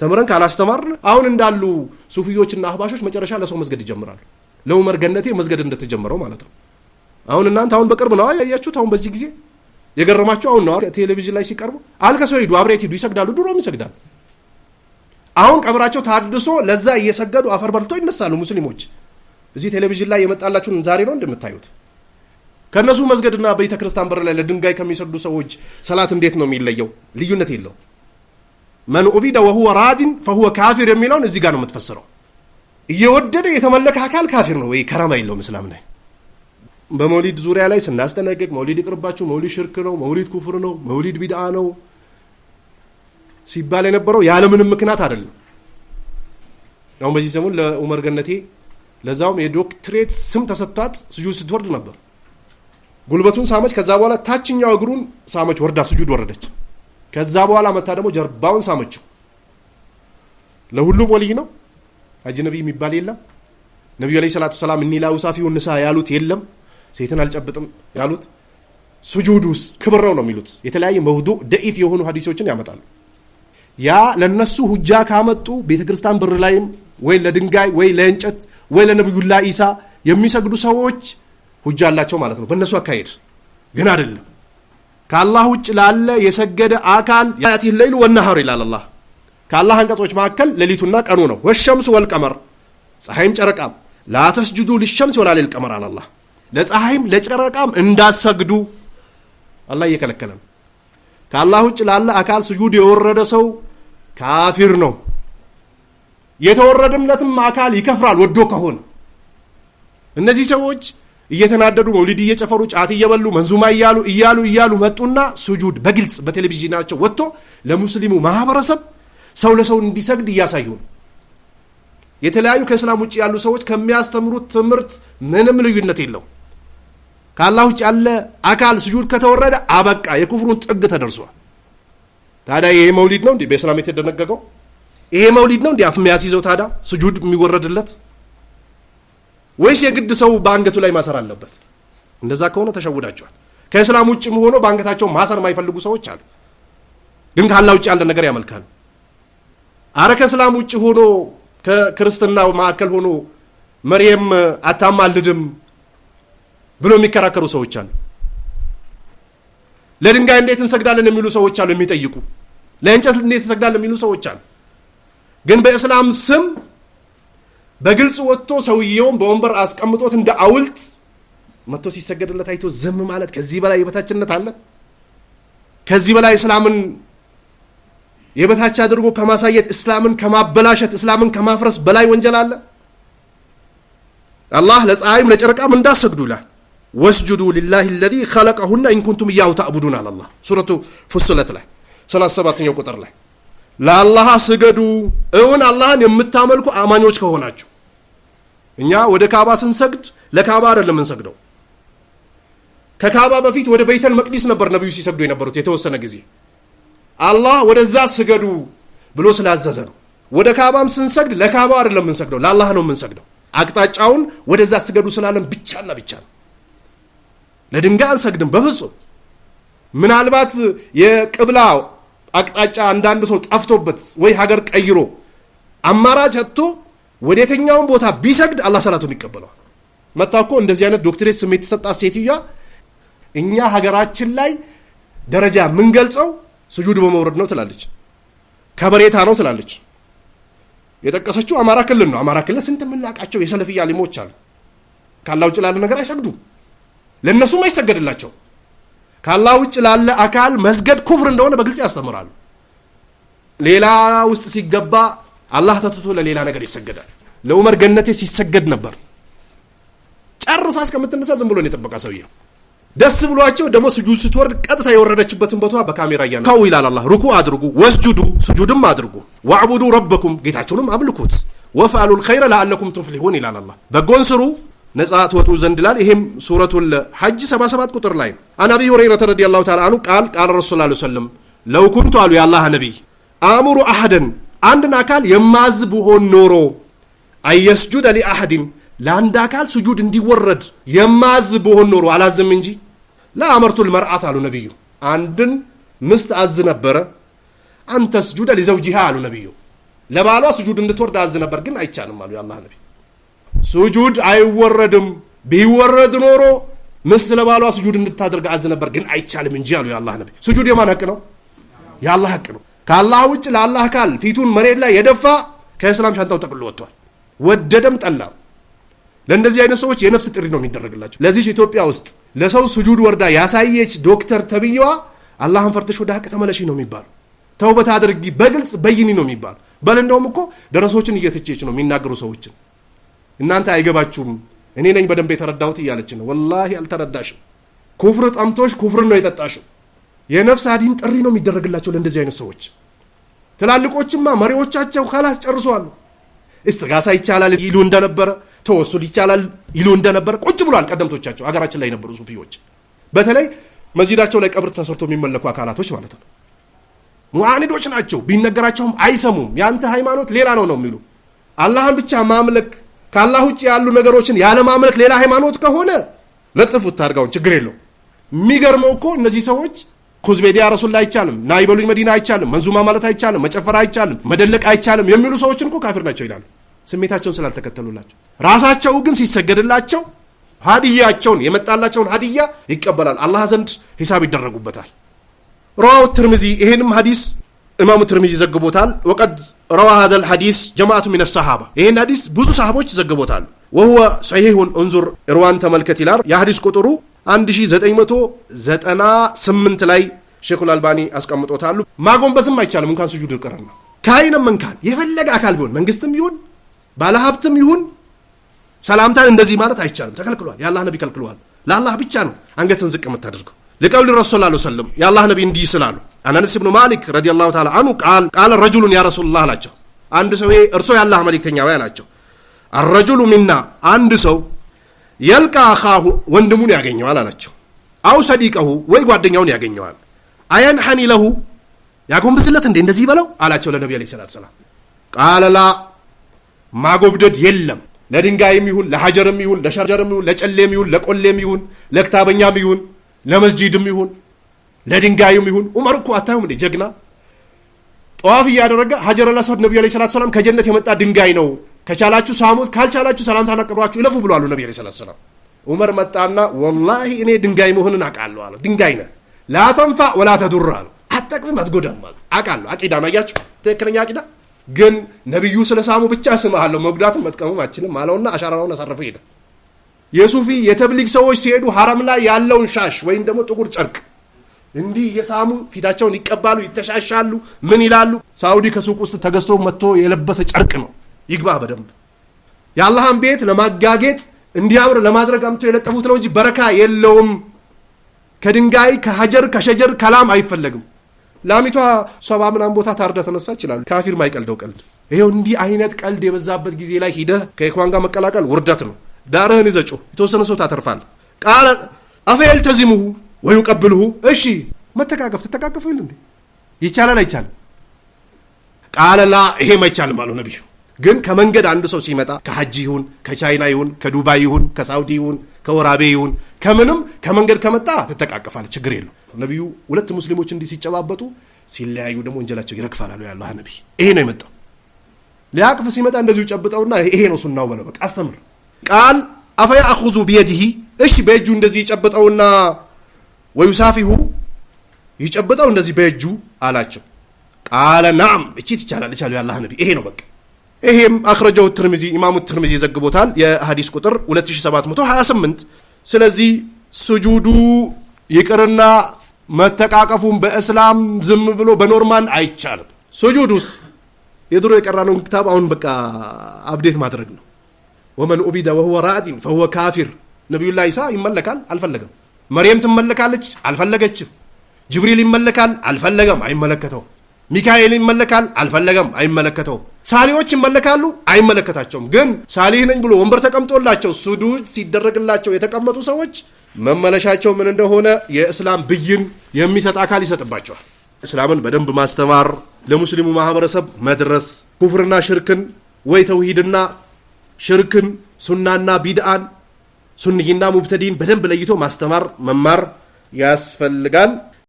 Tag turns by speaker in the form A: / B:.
A: ተምረን ካላስተማርን አሁን እንዳሉ ሱፊዎችና አህባሾች መጨረሻ ለሰው መስገድ ይጀምራሉ። ለዑመር ገነቴ መስገድ እንደተጀመረው ማለት ነው። አሁን እናንተ አሁን በቅርብ ነው ያያችሁት። አሁን በዚህ ጊዜ የገረማችሁ አሁን ነው ቴሌቪዥን ላይ ሲቀርቡ አልከሰው ሂዱ፣ አብሬት ሂዱ ይሰግዳሉ። ድሮም ይሰግዳሉ። አሁን ቀብራቸው ታድሶ ለዛ እየሰገዱ አፈር በልቶ ይነሳሉ። ሙስሊሞች እዚህ ቴሌቪዥን ላይ የመጣላችሁን ዛሬ ነው እንደምታዩት። ከእነሱ መስገድና ቤተ ክርስቲያን በር ላይ ለድንጋይ ከሚሰግዱ ሰዎች ሰላት እንዴት ነው የሚለየው? ልዩነት የለው። መን ኡቢደ ወሁወ ራዲን ፈሁወ ካፊር የሚለውን እዚህ ጋር ነው የምትፈስረው። እየወደደ የተመለከ አካል ካፊር ነው ወይ ከረማ የለውም እስላም ላይ። በመውሊድ ዙሪያ ላይ ስናስጠነቅቅ መውሊድ ይቅርባችሁ፣ መውሊድ ሽርክ ነው፣ መውሊድ ኩፍር ነው፣ መውሊድ ቢድአ ነው ሲባል የነበረው ያለምንም ምክንያት አይደለም። አሁን በዚህ ሰሞን ለኡመር ገነቴ ለዛውም የዶክትሬት ስም ተሰጥቷት ስጁድ ስትወርድ ነበር። ጉልበቱን ሳመች። ከዛ በኋላ ታችኛው እግሩን ሳመች፣ ወርዳ ስጁድ ወረደች። ከዛ በኋላ መታ ደግሞ ጀርባውን ሳመችው። ለሁሉም ወልይ ነው። አጅነቢ የሚባል የለም። ነቢዩ ዐለይሂ ሰላቱ ሰላም እኒ ላ ንሳ ያሉት የለም። ሴትን አልጨብጥም ያሉት ሱጁድ ክብረው ነው የሚሉት የተለያየ መውዱ ደኢፍ የሆኑ ሀዲሶችን ያመጣሉ። ያ ለነሱ ሁጃ ካመጡ ቤተ ክርስቲያን በር ላይም ወይ ለድንጋይ ወይ ለእንጨት ወይ ለነቢዩላ ኢሳ የሚሰግዱ ሰዎች ሁጃ አላቸው ማለት ነው በእነሱ አካሄድ ግን አይደለም። ከአላህ ውጭ ላለ የሰገደ አካል ያቲ ሌይሉ ወነሃሩ ይላል አላህ። ከአላህ አንቀጾች መካከል ሌሊቱና ቀኑ ነው። ወሸምሱ ወልቀመር ፀሐይም ጨረቃም ላተስጅዱ ሊሸምስ ወላ ሊልቀመር አላህ። ለፀሐይም ለጨረቃም እንዳትሰግዱ አላህ እየከለከለ ነው። ከአላህ ውጭ ላለ አካል ስጁድ የወረደ ሰው ካፊር ነው። የተወረደምለትም አካል ይከፍራል ወዶ ከሆነ እነዚህ ሰዎች እየተናደዱ መውሊድ እየጨፈሩ ጫት እየበሉ መንዙማ እያሉ እያሉ እያሉ መጡና ሱጁድ በግልጽ በቴሌቪዥናቸው ወጥቶ ለሙስሊሙ ማህበረሰብ ሰው ለሰው እንዲሰግድ እያሳዩ ነው። የተለያዩ ከእስላም ውጭ ያሉ ሰዎች ከሚያስተምሩት ትምህርት ምንም ልዩነት የለው። ከአላህ ውጭ ያለ አካል ስጁድ ከተወረደ አበቃ፣ የኩፍሩን ጥግ ተደርሷል። ታዲያ ይሄ መውሊድ ነው እንዲህ በእስላም የተደነገገው? ይሄ መውሊድ ነው እንዲህ አፍ የሚያስይዘው ታዲያ ስጁድ የሚወረድለት ወይስ የግድ ሰው በአንገቱ ላይ ማሰር አለበት? እንደዛ ከሆነ ተሸውዳቸዋል። ከእስላም ውጭም ሆኖ በአንገታቸው ማሰር የማይፈልጉ ሰዎች አሉ። ግን ካላ ውጭ ያለ ነገር ያመልካሉ። አረ ከእስላም ውጭ ሆኖ ከክርስትና ማዕከል ሆኖ መርየም አታማልድም ብሎ የሚከራከሩ ሰዎች አሉ። ለድንጋይ እንዴት እንሰግዳለን የሚሉ ሰዎች አሉ፣ የሚጠይቁ ለእንጨት እንዴት እንሰግዳለን የሚሉ ሰዎች አሉ። ግን በእስላም ስም በግልጽ ወጥቶ ሰውየውን በወንበር አስቀምጦት እንደ አውልት መጥቶ ሲሰገድለት አይቶ ዝም ማለት ከዚህ በላይ የበታችነት አለ? ከዚህ በላይ እስላምን የበታች አድርጎ ከማሳየት እስላምን ከማበላሸት እስላምን ከማፍረስ በላይ ወንጀል አለ? አላህ ለፀሐይም ለጨረቃም እንዳሰግዱ ይላል። ወስጁዱ ሊላህ ለዚ ኸለቀሁና ኢንኩንቱም እያው ታዕቡዱን አለ አላህ ሱረቱ ፉስለት ላይ 37ኛው ቁጥር ላይ ለአላህ ስገዱ እውን አላህን የምታመልኩ አማኞች ከሆናችሁ። እኛ ወደ ካባ ስንሰግድ ለካባ አይደለም እንሰግደው። ከካባ በፊት ወደ ቤተል መቅዲስ ነበር ነቢዩ ሲሰግዱ የነበሩት የተወሰነ ጊዜ። አላህ ወደዛ ስገዱ ብሎ ስላዘዘ ነው። ወደ ካባም ስንሰግድ ለካባ አይደለም የምንሰግደው፣ ለአላህ ነው የምንሰግደው። አቅጣጫውን ወደዛ ስገዱ ስላለን ብቻና ብቻ ነው። ለድንጋይ አንሰግድም በፍጹም ምናልባት የቅብላ አቅጣጫ አንዳንድ ሰው ጠፍቶበት ወይ ሀገር ቀይሮ አማራጭ አጥቶ ወደ የትኛውን ቦታ ቢሰግድ አላህ ሰላቱን ይቀበለዋል። መታ እኮ እንደዚህ አይነት ዶክትሬት ስም የተሰጣት ሴትዮዋ እኛ ሀገራችን ላይ ደረጃ የምንገልጸው ስጁድ በመውረድ ነው ትላለች፣ ከበሬታ ነው ትላለች። የጠቀሰችው አማራ ክልል ነው። አማራ ክልል ስንት የምናውቃቸው የሰለፍያ ሊሞች አሉ። ካላ ውጭ ላለ ነገር አይሰግዱም፣ ለእነሱም አይሰገድላቸው ከአላህ ውጭ ላለ አካል መስገድ ኩፍር እንደሆነ በግልጽ ያስተምራሉ። ሌላ ውስጥ ሲገባ አላህ ተትቶ ለሌላ ነገር ይሰገዳል። ለዑመር ገነቴ ሲሰገድ ነበር። ጨርሳ እስከምትነሳ ዝም ብሎ ነው የጠበቃ ሰውዬው። ደስ ብሏቸው ደግሞ ስጁድ ስትወርድ ቀጥታ የወረደችበትን ቦታ በካሜራ እያ ካው ይላል አላህ። ሩኩ አድርጉ፣ ወስጁዱ ስጁድም አድርጉ፣ ዋዕቡዱ ረበኩም ጌታችሁንም አምልኩት፣ ወፍአሉ ኸይረ ለአለኩም ትፍሊሁን ይላል አላህ። በጎን ስሩ ነፃ ትወጡ ዘንድ ይላል። ይሄም ሱረቱል ሐጅ 77 ቁጥር ላይ አን አቢ ሁረይረተ ረዲየላሁ ተዓላ አኑ ቃል ቃል ረሱል ላ ሰለም ለው ኩንቱ አሉ የአላህ ነቢይ አእምሩ አህደን አንድን አካል የማዝ ብሆን ኖሮ አየስጁደ ሊአሐድን ለአንድ አካል ስጁድ እንዲወረድ የማዝ ብሆን ኖሮ አላዝም እንጂ ለአመርቱል መርአት አሉ ነቢዩ አንድን ምስት አዝ ነበረ አንተስጁደ ሊዘውጂሃ አሉ ነቢዩ ለባሏ ስጁድ እንድትወርድ አዝ ነበር፣ ግን አይቻልም አሉ የአላህ ነቢይ ስጁድ አይወረድም። ቢወረድ ኖሮ ምስት ለባሏ ስጁድ እንድታደርግ አዝ ነበር፣ ግን አይቻልም እንጂ አሉ የአላህ ነቢ። ስጁድ የማን ሀቅ ነው? የአላህ ሀቅ ነው። ከአላህ ውጭ ለአላህ ካል ፊቱን መሬት ላይ የደፋ ከእስላም ሻንጣው ጠቅሎ ወጥቷል። ወደደም ጠላም ለእንደዚህ አይነት ሰዎች የነፍስ ጥሪ ነው የሚደረግላቸው። ለዚች ኢትዮጵያ ውስጥ ለሰው ስጁድ ወርዳ ያሳየች ዶክተር ተብዬዋ አላህን ፈርተሽ ወደ ሀቅ ተመለሺ ነው የሚባሉ። ተውበት አድርጊ በግልጽ በይኒ ነው የሚባሉ። በል እንደውም እኮ ደረሶችን እየተቼች ነው የሚናገሩ ሰዎችን እናንተ አይገባችሁም፣ እኔ ነኝ በደንብ የተረዳሁት እያለች ነው። ወላሂ አልተረዳሽም። ኩፍር ጠምቶሽ ኩፍር ነው የጠጣሽው። የነፍስ አዲን ጥሪ ነው የሚደረግላቸው ለእንደዚህ አይነት ሰዎች። ትላልቆችማ መሪዎቻቸው ካላስ ጨርሰዋሉ። እስትጋሳ ይቻላል ይሉ እንደነበረ ተወሱል ይቻላል ይሉ እንደነበረ ቁጭ ብሏል። ቀደምቶቻቸው አገራችን ላይ የነበሩ ሱፊዎች በተለይ መዚዳቸው ላይ ቀብር ተሰርቶ የሚመለኩ አካላቶች ማለት ነው። ሙዓኒዶች ናቸው። ቢነገራቸውም አይሰሙም። የአንተ ሃይማኖት ሌላ ነው ነው የሚሉ አላህን ብቻ ማምለክ ከአላህ ውጭ ያሉ ነገሮችን ያለማምለክ ሌላ ሃይማኖት ከሆነ ለጥፉት ታርጋውን ችግር የለው። የሚገርመው እኮ እነዚህ ሰዎች ኩዝቤዲ ረሱል ላይ አይቻልም፣ ና ይበሉኝ መዲና አይቻልም፣ መንዙማ ማለት አይቻልም፣ መጨፈር አይቻልም፣ መደለቅ አይቻልም የሚሉ ሰዎችን እኮ ካፊር ናቸው ይላሉ፣ ስሜታቸውን ስላልተከተሉላቸው። ራሳቸው ግን ሲሰገድላቸው ሀዲያቸውን የመጣላቸውን ሀዲያ ይቀበላል፣ አላህ ዘንድ ሂሳብ ይደረጉበታል። ረዋው ትርምዚ ይህንም ሀዲስ ኢማሙ ትርሚዚ ዘግቦታል። ወቀድ ረዋ ሀዘ ልሐዲስ ጀማአቱ ሚን ሰሃባ ይህን ሀዲስ ብዙ ሰሃቦች ዘግቦታሉ። ወሁወ ሰሒሁን እንዙር እርዋን ተመልከት ይላል። የሀዲስ ቁጥሩ 1998 ላይ ሼኹል አልባኒ አስቀምጦታሉ። ማጎንበስም አይቻልም እንኳን ስጁድ ይቅርና ከአይነ መንካን የፈለገ አካል ቢሆን መንግስትም ይሁን ባለሀብትም ይሁን ሰላምታን እንደዚህ ማለት አይቻልም፣ ተከልክሏል። የአላህ ነቢ ከልክለዋል። ለአላህ ብቻ ነው አንገትን ዝቅ የምታደርገው። ለቀውል ረሱል ላ ሰለም የአላህ ነቢ እንዲህ ስላሉ አናንስ ብኑ ማሊክ ረዲየላሁ ተዓላ አኑ ቃል ቃለ ረጁሉን ያ ረሱሉላህ አላቸው። አንድ ሰው ይሄ እርሶ የአላህ መልእክተኛ ወይ አላቸው። አረጁሉ ሚና አንድ ሰው የልቃ አኻሁ ወንድሙን ያገኘዋል አላቸው። አው ሰዲቀሁ ወይ ጓደኛውን ያገኘዋል። አየንሐኒ ለሁ ያጎንብስለት እንዴ እንደዚህ በለው አላቸው ለነቢ ዐለይሂ ሰላቱ ሰላም። ላ ማጎብደድ የለም ለድንጋይም ይሁን ለሐጀርም ይሁን ለሸርጀርም ይሁን ለጨሌም ይሁን ለቆሌም ይሁን ለክታበኛም ይሁን ለመስጂድም ይሁን ለድንጋዩም ይሁን ዑመር እኮ አታዩም እንዴ ጀግና ጠዋፍ እያደረገ ሀጀር ለሰድ ነቢዩ ለ ሰላት ሰላም ከጀነት የመጣ ድንጋይ ነው፣ ከቻላችሁ ሳሙት፣ ካልቻላችሁ ሰላም ታናቅሯችሁ እለፉ ብሏሉ ነቢዩ ለ ሰላት ሰላም። ዑመር መጣና ወላሂ እኔ ድንጋይ መሆንን አውቃለሁ አለ። ድንጋይ ነህ ላተንፋ ወላ ተዱር አለ። አጠቅምም አትጎዳም አለ። አውቃለሁ አቂዳ ማያችሁ ትክክለኛ አቂዳ ግን ነቢዩ ስለ ሳሙ ብቻ ስምሃለሁ መጉዳትም መጥቀሙም አችልም አለውና አሻራውን አሳረፈው ሄደ። የሱፊ የተብሊግ ሰዎች ሲሄዱ ሀረም ላይ ያለውን ሻሽ ወይም ደግሞ ጥቁር ጨርቅ እንዲህ እየሳሙ ፊታቸውን ይቀባሉ፣ ይተሻሻሉ። ምን ይላሉ? ሳውዲ ከሱቅ ውስጥ ተገዝቶ መጥቶ የለበሰ ጨርቅ ነው። ይግባ በደንብ የአላህን ቤት ለማጋጌጥ እንዲያምር ለማድረግ አምቶ የለጠፉት ነው እንጂ በረካ የለውም። ከድንጋይ ከሀጀር ከሸጀር ከላም አይፈለግም። ላሚቷ ሰባ ምናም ቦታ ታርዳ ተነሳ ይችላሉ። ካፊር ማይቀልደው ቀልድ ይኸው። እንዲህ አይነት ቀልድ የበዛበት ጊዜ ላይ ሂደህ ከኢኳን ጋር መቀላቀል ውርደት ነው። ዳርህን ይዘጩ የተወሰነ ሰው ታተርፋል። ቃል አፈየልተዚሙሁ ወይ ቀብልሁ እሺ መተቃቀፍ ትተቃቀፉ ይል እንዴ ይቻላል አይቻልም? ቃለላ ይሄም አይቻልም አሉ ነቢዩ። ግን ከመንገድ አንድ ሰው ሲመጣ ከሐጂ ይሁን ከቻይና ይሁን ከዱባይ ይሁን ከሳውዲ ይሁን ከወራቤ ይሁን ከምንም ከመንገድ ከመጣ ትተቃቀፋል፣ ችግር የለው። ነቢዩ ሁለት ሙስሊሞች እንዲህ ሲጨባበጡ ሲለያዩ ደግሞ ወንጀላቸው ይረግፋል አሉ ያለ ነቢይ። ይሄ ነው የመጣው። ሊያቅፍ ሲመጣ እንደዚሁ ጨብጠውና ይሄ ነው ሱናው በለው በቃ አስተምር። ቃል አፈያ አኹዙ ቢየድሂ እሺ፣ በእጁ እንደዚህ ጨብጠውና ወዩሳፊሁ ይጨብጠው እንደዚህ በእጁ አላቸው። ቃለ ናም እቺት ይቻላል ይቻሉ የአላህ ነቢ ይሄ ነው በቃ። ይሄም አክረጃው ትርሚዚ ኢማሙ ትርሚዚ ዘግቦታል የሀዲስ ቁጥር 2728 ስለዚህ ስጁዱ ይቅርና መተቃቀፉን በእስላም ዝም ብሎ በኖርማን አይቻልም። ስጁዱስ የድሮ የቀራነውን ክታብ አሁን በቃ አብዴት ማድረግ ነው። ወመን ኡቢደ ወሁወ ራእዲን ፈሁወ ካፊር ነቢዩላ ኢሳ ይመለካል አልፈለገም። መርየም ትመለካለች፣ አልፈለገችም። ጅብሪል ይመለካል፣ አልፈለገም፣ አይመለከተው ሚካኤል ይመለካል፣ አልፈለገም፣ አይመለከተው ሳሊዎች ይመለካሉ፣ አይመለከታቸውም። ግን ሳሊህ ነኝ ብሎ ወንበር ተቀምጦላቸው ሱዱ ሲደረግላቸው የተቀመጡ ሰዎች መመለሻቸው ምን እንደሆነ የእስላም ብይን የሚሰጥ አካል ይሰጥባቸዋል። እስላምን በደንብ ማስተማር፣ ለሙስሊሙ ማህበረሰብ መድረስ፣ ኩፍርና ሽርክን ወይ ተውሂድና ሽርክን፣ ሱናና ቢድአን ሱንይና ሙብተዲን በደንብ ለይቶ ማስተማር መማር ያስፈልጋል።